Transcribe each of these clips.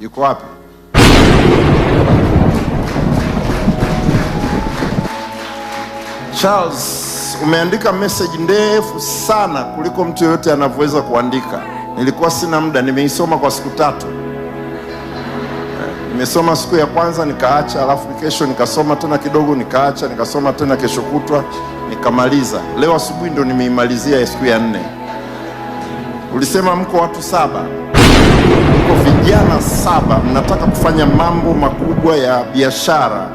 yuko wapi? Charles, umeandika message ndefu sana kuliko mtu yoyote anavyoweza kuandika. Nilikuwa sina muda, nimeisoma kwa siku tatu. Nimesoma siku ya kwanza nikaacha, alafu kesho nikasoma tena kidogo nikaacha, nikasoma tena kesho kutwa nikamaliza. Leo asubuhi ndo nimeimalizia siku ya nne. Ulisema mko watu saba. Niko vijana saba mnataka kufanya mambo makubwa ya biashara,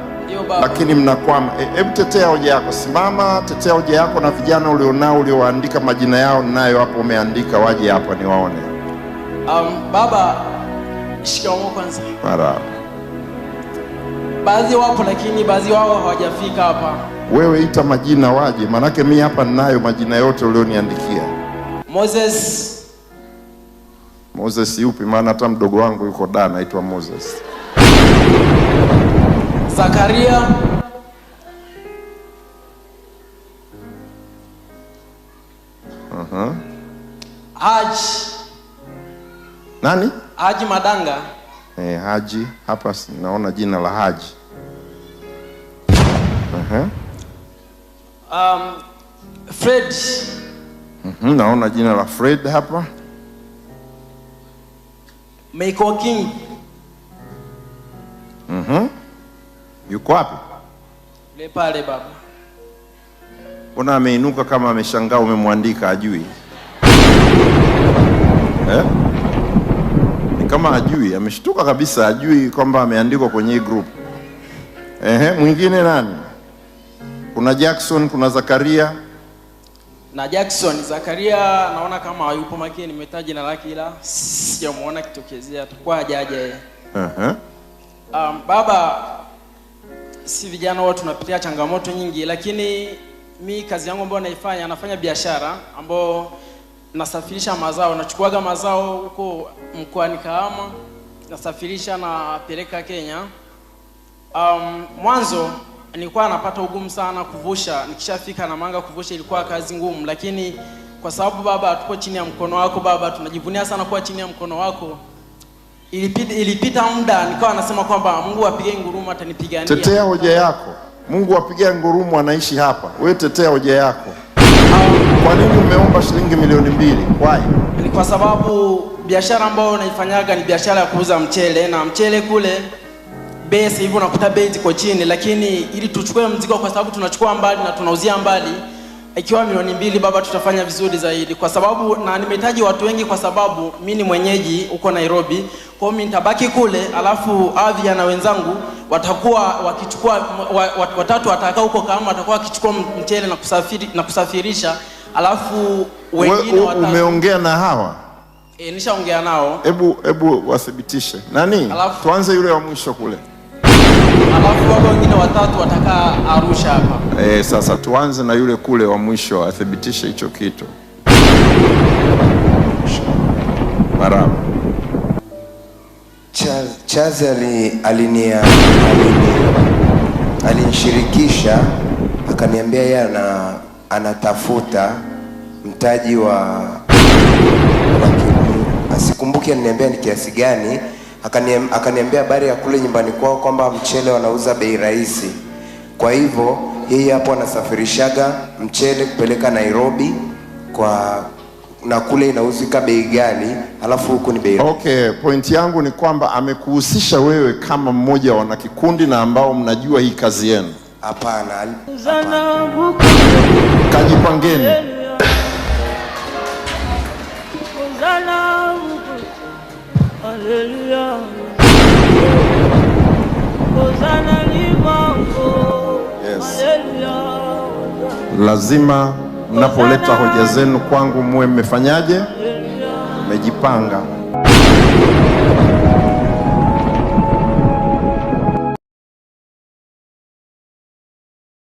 lakini mnakwama. E, hebu tetea hoja yako, simama, tetea hoja yako na vijana ulionao, ulioandika majina yao nayo hapo umeandika, waje hapa niwaone. Um, baba, shikamoo kwanza. Marahaba. Baadhi wapo lakini baadhi wao hawajafika hapa. Wewe ita majina waje, maanake mi hapa ninayo majina yote ulioniandikia. Moses Moses yupi? Maana hata mdogo wangu yuko da anaitwa Moses. Zakaria uh-huh. Haji nani? Haji Madanga eh, Haji hapa naona jina la Haji uh-huh. Um, Fred uh-huh, naona jina la Fred hapa meiko king mm-hmm. Yuko wapi? Yule pale baba. Mbona ameinuka kama ameshangaa umemwandika ajui eh? Ni kama ajui, ameshtuka kabisa, ajui kwamba ameandikwa kwenye hii group. Ehe, mwingine nani? Kuna Jackson, kuna Zakaria na Jackson Zakaria naona kama hayupo makini, nimetaja jina lake ila sijamuona kitokezea, atakuwa hajaja Uh-huh. Um, baba, si vijana huwa tunapitia changamoto nyingi, lakini mi kazi yangu ambayo naifanya, nafanya biashara ambayo nasafirisha mazao, nachukuaga mazao huko mkoani Kahama, nasafirisha napeleka Kenya. Um, mwanzo nilikuwa napata ugumu sana kuvusha. Nikishafika na manga kuvusha ilikuwa kazi ngumu, lakini kwa sababu baba, tuko chini ya mkono wako baba, tunajivunia sana kuwa chini ya mkono wako. Ilipita, ilipita muda nikawa nasema kwamba Mungu apige ngurumo atanipigania. Tetea hoja yako. Mungu apigia ngurumo anaishi hapa. Wewe tetea hoja yako. Kwa nini umeomba shilingi milioni mbili? Why? Ni kwa sababu biashara ambayo unaifanyaga ni biashara ya kuuza mchele na mchele kule base hivyo, unakuta bei ziko chini, lakini ili tuchukue mzigo, kwa sababu tunachukua mbali na tunauzia mbali, ikiwa milioni mbili, baba, tutafanya vizuri zaidi, kwa sababu na nimehitaji watu wengi, kwa sababu mi ni mwenyeji huko Nairobi. Kwa hiyo mi nitabaki kule, alafu Avia na wenzangu watakuwa wakichukua watatu watakaa huko kama watakuwa wakichukua mchele na, kusafiri, na kusafirisha alafu wengine watakuwa umeongea na hawa e, nishaongea nao. Hebu hebu wathibitishe nani alafu, tuanze yule wa mwisho kule wababa wengine watatu watakaa Arusha hapa. Eh, sasa tuanze na yule kule wa mwisho athibitishe hicho kitu. Maramu. Chazi alinia alinishirikisha akaniambia yeye ana, anatafuta mtaji wa, wa asikumbuki, aliniambia ni kiasi gani akaniambia habari ya kule nyumbani kwao kwamba mchele wanauza bei rahisi. Kwa hivyo yeye hapo anasafirishaga mchele kupeleka Nairobi kwa na kule inauzika bei gani alafu huku ni bei. Okay, point yangu ni kwamba amekuhusisha wewe kama mmoja wa kikundi na ambao mnajua hii kazi yenu. Hapana, kajipangeni. limango. Yes. Lazima mnapoleta hoja zenu kwangu muwe mmefanyaje? Mmejipanga.